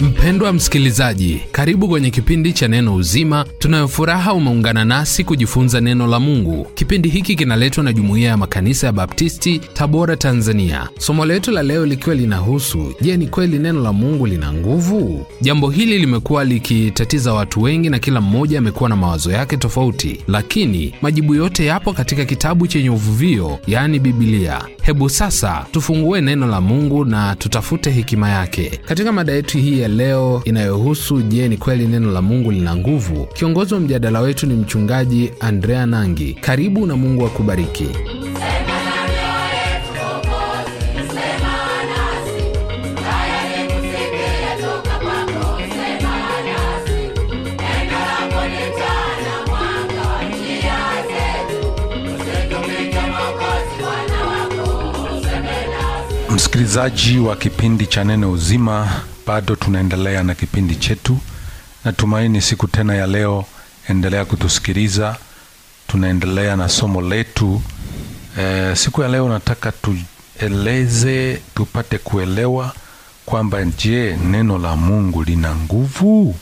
Mpendwa msikilizaji, karibu kwenye kipindi cha Neno Uzima. Tunayofuraha umeungana nasi kujifunza neno la Mungu. Kipindi hiki kinaletwa na Jumuiya ya Makanisa ya Baptisti, Tabora, Tanzania. Somo letu la leo likiwa linahusu je, ni kweli neno la Mungu lina nguvu? Jambo hili limekuwa likitatiza watu wengi na kila mmoja amekuwa na mawazo yake tofauti, lakini majibu yote yapo katika kitabu chenye uvuvio, yani bibilia Hebu sasa tufungue neno la Mungu na tutafute hekima yake katika mada yetu hii ya leo inayohusu je, ni kweli neno la Mungu lina nguvu? Kiongozi wa mjadala wetu ni mchungaji Andrea Nangi. Karibu na Mungu akubariki. Msikilizaji wa kipindi cha Neno Uzima, bado tunaendelea na kipindi chetu. Natumaini siku tena ya leo, endelea kutusikiliza. Tunaendelea na somo letu e. Siku ya leo nataka tueleze, tupate kuelewa kwamba je, neno la Mungu lina nguvu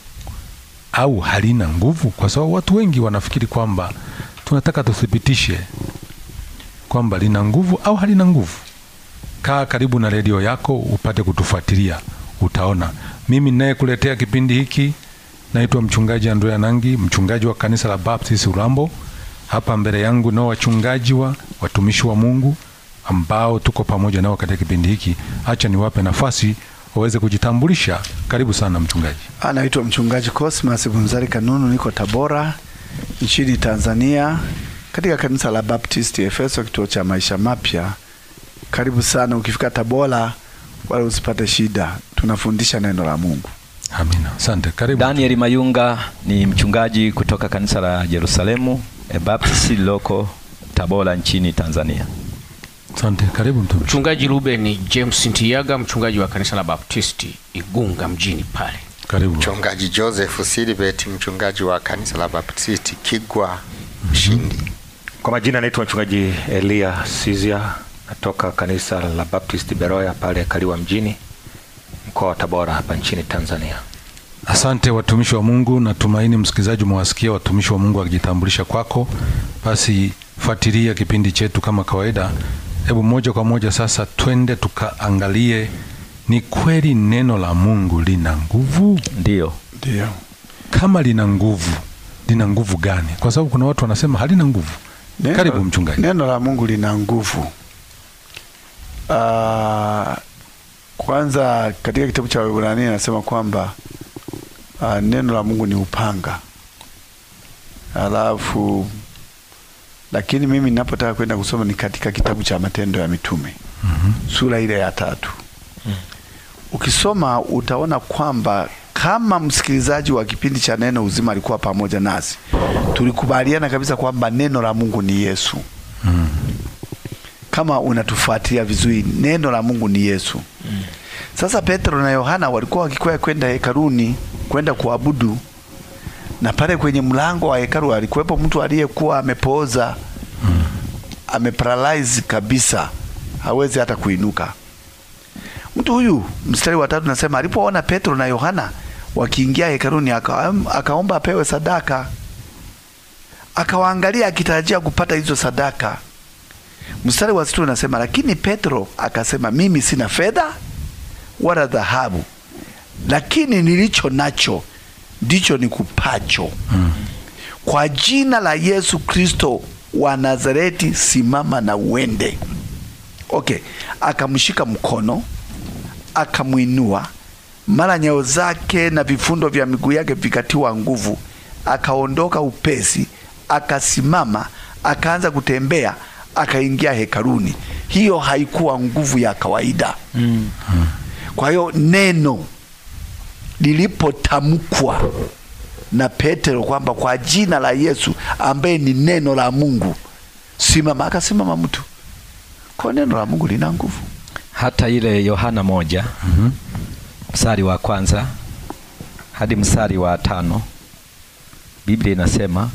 au halina nguvu? Kwa sababu watu wengi wanafikiri kwamba tunataka tuthibitishe kwamba lina nguvu au halina nguvu. Kaa karibu na redio yako upate kutufuatilia utaona. Mimi ninayekuletea kipindi hiki naitwa mchungaji Andrea Nangi, mchungaji wa kanisa la Baptist Urambo. Hapa mbele yangu nao wachungaji wa watumishi wa Mungu ambao tuko pamoja nao katika kipindi hiki. Acha niwape nafasi waweze kujitambulisha. Karibu sana mchungaji. Anaitwa ah, mchungaji Cosmas Bunzari Kanunu, niko Tabora nchini Tanzania, katika kanisa la Baptist Efeso, kituo cha maisha mapya. Karibu sana ukifika Tabora wala usipate shida. Tunafundisha neno la Mungu. Amina. Asante. Karibu. Daniel Mayunga ni mchungaji kutoka kanisa la Yerusalemu Baptist Loko Tabora nchini Tanzania. Asante. Karibu mtume. Mchungaji Ruben ni James Ntiyaga mchungaji wa kanisa la Baptist Igunga mjini pale. Karibu. Mchungaji Joseph Silibeti mchungaji wa kanisa la Baptist Kigwa mhm. Mshindi. Mm -hmm. Kwa majina naitwa mchungaji Elia Sizia natoka kanisa la Baptist Beroya pale Kaliwa mjini mkoa wa Tabora hapa nchini Tanzania. Asante watumishi wa Mungu, natumaini msikilizaji umewasikia watumishi wa Mungu akijitambulisha kwako. Basi fuatilia kipindi chetu kama kawaida. Hebu moja kwa moja sasa twende tukaangalie, ni kweli neno la Mungu lina nguvu? Ndio, ndio. Kama lina nguvu, lina nguvu gani? Kwa sababu kuna watu wanasema halina nguvu. Neno, karibu mchungaji. Neno la Mungu lina nguvu Uh, kwanza katika kitabu cha Waebrania anasema kwamba uh, neno la Mungu ni upanga. Alafu lakini mimi ninapotaka kwenda kusoma ni katika kitabu cha Matendo ya Mitume mm -hmm. sura ile ya tatu mm ukisoma utaona kwamba kama msikilizaji wa kipindi cha Neno Uzima alikuwa pamoja nasi, tulikubaliana kabisa kwamba neno la Mungu ni Yesu mm -hmm kama unatufuatilia vizuri, neno la Mungu ni Yesu. mm. Sasa Petro na Yohana walikuwa wakikwea kwenda hekaruni kwenda kuabudu, na pale kwenye mlango wa hekalu alikuwepo mtu aliyekuwa amepooza, mm. ameparalyze kabisa, hawezi hata kuinuka. Mtu huyu, mstari wa tatu nasema, alipoona Petro na Yohana wakiingia hekaruni aka, akaomba apewe sadaka. Akawaangalia akitarajia kupata hizo sadaka Mstari wa sita unasema, lakini Petro akasema, mimi sina fedha wala dhahabu, lakini nilicho nacho ndicho nikupacho. hmm. Kwa jina la Yesu Kristo wa Nazareti, simama na uende. Okay, akamshika mkono akamwinua, mara nyayo zake na vifundo vya miguu yake vikatiwa nguvu, akaondoka upesi, akasimama, akaanza kutembea akaingia hekaruni. Hiyo haikuwa nguvu ya kawaida mm. Kwa hiyo neno lilipotamkwa na Petero kwamba kwa jina la Yesu ambaye ni neno la Mungu simama, akasimama mtu. Kwa neno la Mungu lina nguvu. Hata ile Yohana moja mm -hmm. msari wa kwanza hadi msari wa tano Biblia inasema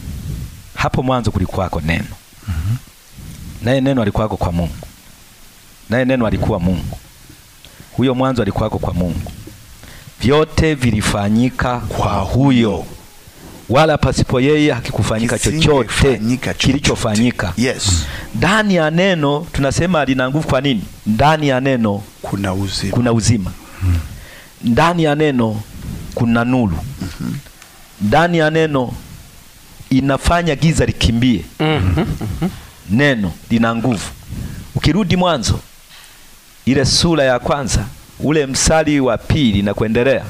hapo mwanzo kulikuwako neno mm -hmm naye neno alikuwako kwa Mungu, naye neno alikuwa Mungu, huyo mwanzo alikuwako kwa Mungu. Vyote vilifanyika kwa huyo, wala pasipo yeye hakikufanyika chochote kilichofanyika. Yes. Ndani ya neno tunasema lina nguvu. Kwa nini? Ndani ya neno kuna uzima, kuna uzima. Hmm. Ndani ya neno kuna nuru ndani mm -hmm. ya neno inafanya giza likimbie. mm -hmm. Mm -hmm neno lina nguvu. Ukirudi Mwanzo ile sura ya kwanza ule msali wa pili na kuendelea,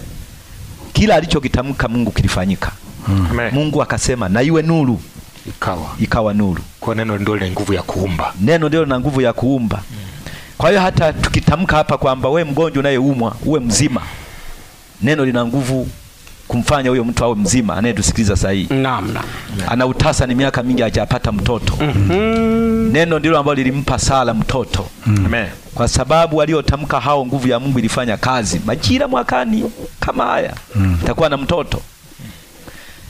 kila alichokitamka Mungu kilifanyika. Hmm. Mungu akasema na iwe nuru, ikawa ikawa nuru. Kwa neno ndio lina nguvu ya kuumba, neno ndio lina nguvu ya kuumba. Kwa hiyo hata tukitamka hapa kwamba we mgonjwa unayeumwa uwe mzima, neno lina nguvu kumfanya huyo mtu awe mzima anayetusikiliza sasa hivi. Naam, naam. Ana utasa ni miaka mingi hajapata mtoto. Mm -hmm. Neno ndilo ambalo lilimpa sala mtoto. Mm. Amen. Kwa sababu aliyotamka hao, nguvu ya Mungu ilifanya kazi. Majira mwakani kama haya mm. itakuwa na mtoto.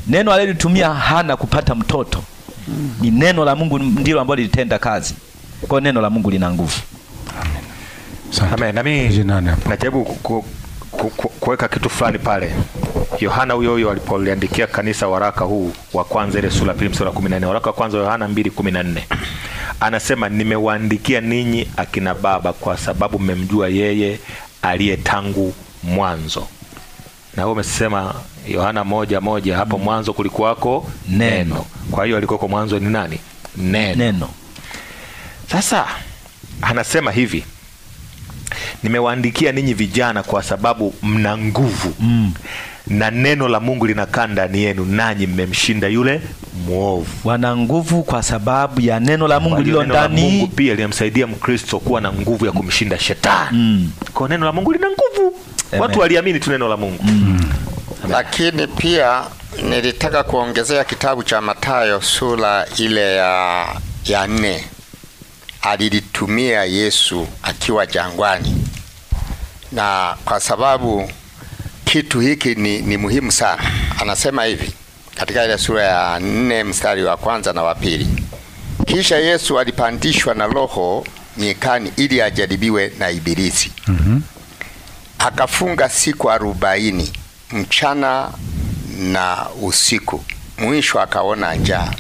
Neno alilotumia hana kupata mtoto. Mm. Ni neno la Mungu ndilo ambalo lilitenda kazi. Kwa neno la Mungu lina nguvu. Amen. Amen. Nami najaribu kuweka kitu fulani pale Yohana huyo huyo alipoliandikia kanisa waraka huu wa kwanza, ile sura pili mstari wa 14, waraka wa kwanza wa Yohana 2:14 anasema, nimewaandikia ninyi akina baba, kwa sababu mmemjua yeye aliye tangu mwanzo. Na wewe umesema Yohana moja moja, hapo mwanzo kulikuwako neno. Kwa hiyo alikuwako mwanzo ni nani? Neno. Neno. Sasa anasema hivi nimewaandikia ninyi vijana kwa sababu mna nguvu mm na neno la Mungu linakaa ndani yenu, nanyi mmemshinda yule mwovu. Wana nguvu kwa sababu ya neno la Mungu lilo ndani. Mungu pia linamsaidia Mkristo kuwa na nguvu ya kumshinda shetani mm. Kwa neno la Mungu lina nguvu. Amen. Watu waliamini tu neno la Mungu mm. Lakini pia nilitaka kuongezea kitabu cha Mathayo sura ile ya, ya nne alilitumia Yesu akiwa jangwani, na kwa sababu kitu hiki ni, ni muhimu sana. Anasema hivi katika ile sura ya nne mstari wa kwanza na wa pili, kisha Yesu alipandishwa na Roho nyikani ili ajaribiwe na Ibilisi. mm -hmm. Akafunga siku arobaini mchana na usiku, mwisho akaona njaa.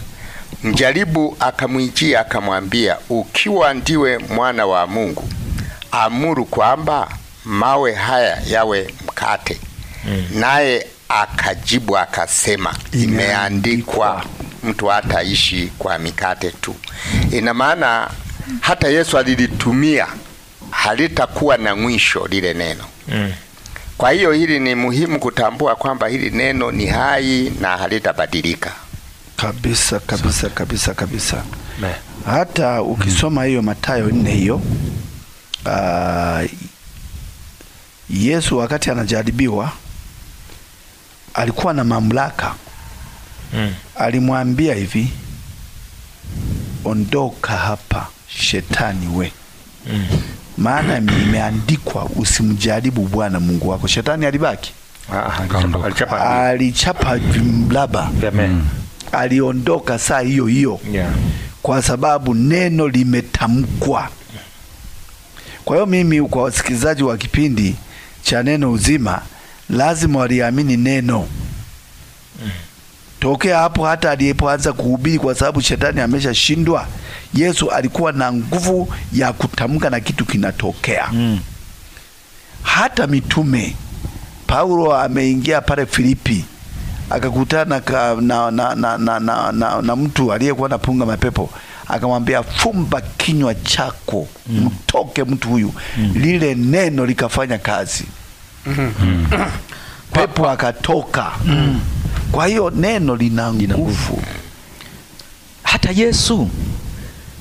Mjaribu akamwijia akamwambia, ukiwa ndiwe mwana wa Mungu, amuru kwamba mawe haya yawe mkate naye akajibu akasema, imeandikwa mtu hataishi kwa mikate tu. Ina maana hata Yesu alilitumia, halitakuwa na mwisho lile neno mm. Kwa hiyo hili ni muhimu kutambua kwamba hili neno ni hai na halitabadilika kabisa kabisa kabisa kabisa. Hata ukisoma hiyo Mathayo nne hiyo uh, Yesu wakati anajaribiwa alikuwa na mamlaka mm. Alimwambia hivi, ondoka hapa shetani we mm. maana imeandikwa usimjaribu Bwana Mungu wako. Shetani alibaki ah, ah, alichapa, alichapa aliondoka saa hiyo hiyo yeah. kwa sababu neno limetamkwa. Kwa hiyo mimi, kwa wasikilizaji wa kipindi cha Neno Uzima lazima waliamini neno mm. Tokea hapo hata aliyepoanza kuhubiri, kwa sababu shetani ameshashindwa. Yesu alikuwa na nguvu ya kutamka na kitu kinatokea mm. Hata mitume Paulo ameingia pale Filipi akakutana na, na, na, na, na, na, na mtu aliyekuwa napunga mapepo akamwambia, fumba kinywa chako mm. mtoke mtu huyu mm. lile neno likafanya kazi mm. pepo akatoka mm. Kwa hiyo neno lina nguvu. Hata Yesu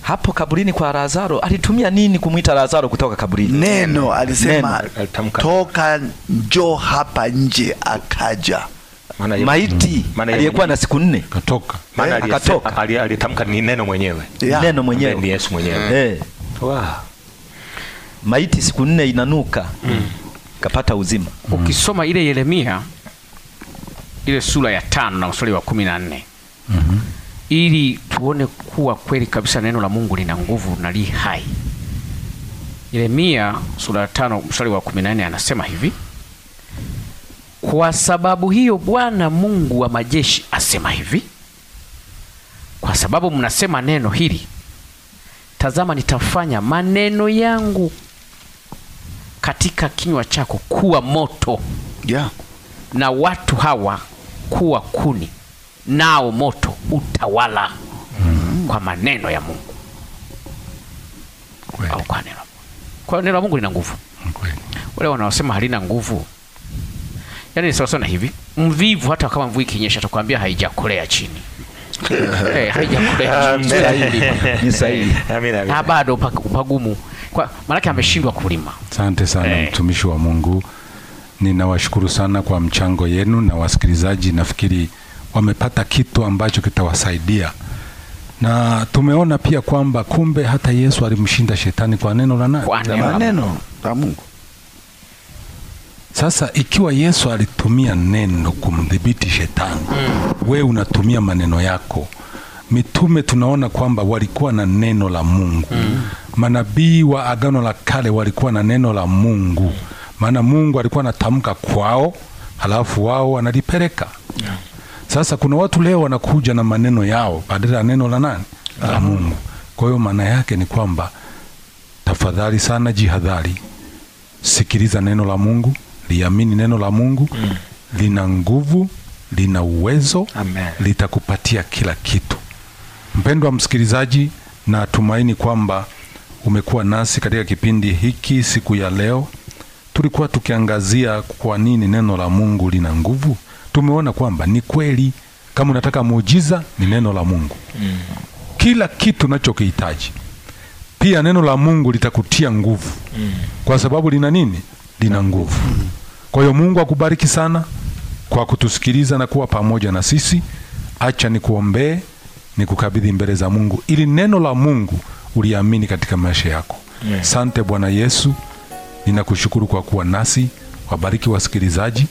hapo kaburini kwa Lazaro alitumia nini kumwita Lazaro kutoka kaburini? Neno alisema neno, toka njo hapa nje, akaja maiti mm. aliyekuwa na siku nne katoka, maana akatoka, alitamka ni neno mwenyewe, yeah. neno mwenyewe ni Yesu mwenyewe. Eh. Wow. Maiti siku nne inanuka mm kapata uzima. Mm. Ukisoma ile Yeremia ile sura ya tano na mstari wa kumi na nne mm -hmm. ili tuone kuwa kweli kabisa neno la Mungu lina nguvu na li hai. Yeremia sura ya tano mstari wa kumi na nne anasema hivi: kwa sababu hiyo Bwana Mungu wa majeshi asema hivi, kwa sababu mnasema neno hili, tazama, nitafanya maneno yangu katika kinywa chako kuwa moto yeah. na watu hawa kuwa kuni, nao moto utawala mm. kwa maneno ya Mungu Kwele. au kwa neno. Kwa neno la Mungu lina nguvu. Wale wanaosema halina nguvu, yani ni sawasawa na hivi, mvivu hata kama mvua ikinyesha atakwambia haijakolea chini hey, eh, haijakolea chini, ni sahihi, Amina. Na bado pagumu kwa yake ameshindwa kulima. Asante sana eh, mtumishi wa Mungu, ninawashukuru sana kwa mchango yenu, na wasikilizaji nafikiri wamepata kitu ambacho kitawasaidia, na tumeona pia kwamba kumbe hata Yesu alimshinda shetani kwa neno la nani? Kwa neno la Mungu. Sasa ikiwa Yesu alitumia neno kumdhibiti shetani, mm, we unatumia maneno yako mitume tunaona kwamba walikuwa na neno la Mungu mm. Manabii wa Agano la Kale walikuwa na neno la Mungu, maana Mungu alikuwa anatamka kwao, halafu wao wanalipeleka yeah. Sasa kuna watu leo wanakuja na maneno yao badala ya neno la nani yeah. la Mungu. Kwa hiyo maana yake ni kwamba tafadhali sana, jihadhari, sikiliza neno la Mungu, liamini neno la Mungu mm. lina nguvu, lina uwezo, litakupatia kila kitu. Mpendwa msikilizaji, na tumaini kwamba umekuwa nasi katika kipindi hiki siku ya leo. Tulikuwa tukiangazia kwa nini neno la Mungu lina nguvu. Tumeona kwamba ni kweli, kama unataka muujiza ni neno la Mungu mm. Kila kitu unachokihitaji pia neno la Mungu litakutia nguvu mm. Kwa sababu lina nini? Lina mm. nguvu mm. Kwa hiyo Mungu akubariki sana kwa kutusikiliza na kuwa pamoja na sisi. Acha nikuombee ni kukabidhi mbele za Mungu ili neno la Mungu uliamini katika maisha yako. Yeah. Sante Bwana Yesu, ninakushukuru kwa kuwa nasi. Wabariki wasikilizaji,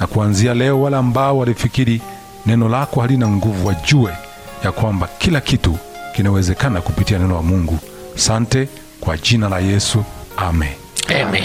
na kuanzia leo wale ambao walifikiri neno lako halina nguvu wajue ya kwamba kila kitu kinawezekana kupitia neno la Mungu. Sante kwa jina la Yesu, amen. Amen.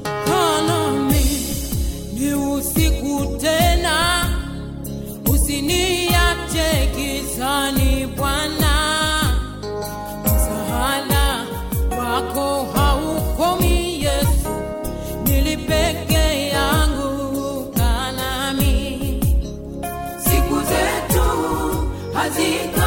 Azita.